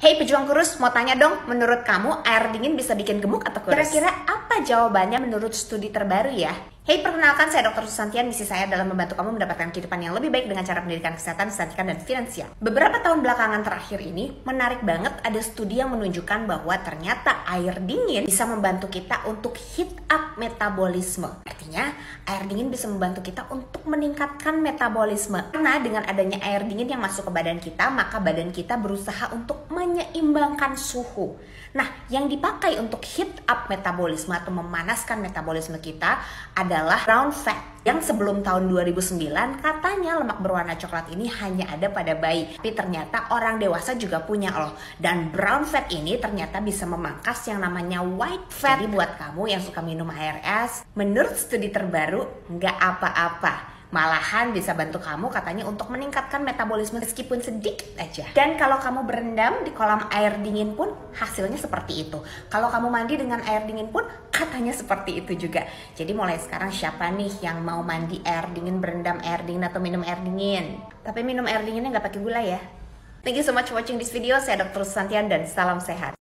Hey pejuang kurus, mau tanya dong, menurut kamu air dingin bisa bikin gemuk atau kurus? Kira-kira apa jawabannya menurut studi terbaru ya? Hey, perkenalkan saya Dr. Susantian, misi saya dalam membantu kamu mendapatkan kehidupan yang lebih baik dengan cara pendidikan kesehatan, kecantikan, dan finansial. Beberapa tahun belakangan terakhir ini, menarik banget ada studi yang menunjukkan bahwa ternyata air dingin bisa membantu kita untuk hit up metabolisme air dingin bisa membantu kita untuk meningkatkan metabolisme. Karena dengan adanya air dingin yang masuk ke badan kita, maka badan kita berusaha untuk menyeimbangkan suhu. Nah, yang dipakai untuk heat up metabolisme atau memanaskan metabolisme kita adalah brown fat yang sebelum tahun 2009 katanya lemak berwarna coklat ini hanya ada pada bayi. Tapi ternyata orang dewasa juga punya loh. Dan brown fat ini ternyata bisa memangkas yang namanya white fat. Jadi buat kamu yang suka minum air es menurut studi terbaru nggak apa-apa. Malahan bisa bantu kamu katanya untuk meningkatkan metabolisme meskipun sedikit aja. Dan kalau kamu berendam di kolam air dingin pun hasilnya seperti itu. Kalau kamu mandi dengan air dingin pun katanya seperti itu juga. Jadi mulai sekarang siapa nih yang mau mandi air dingin, berendam air dingin atau minum air dingin? Tapi minum air dinginnya nggak pakai gula ya. Thank you so much for watching this video. Saya Dr. Santian dan salam sehat.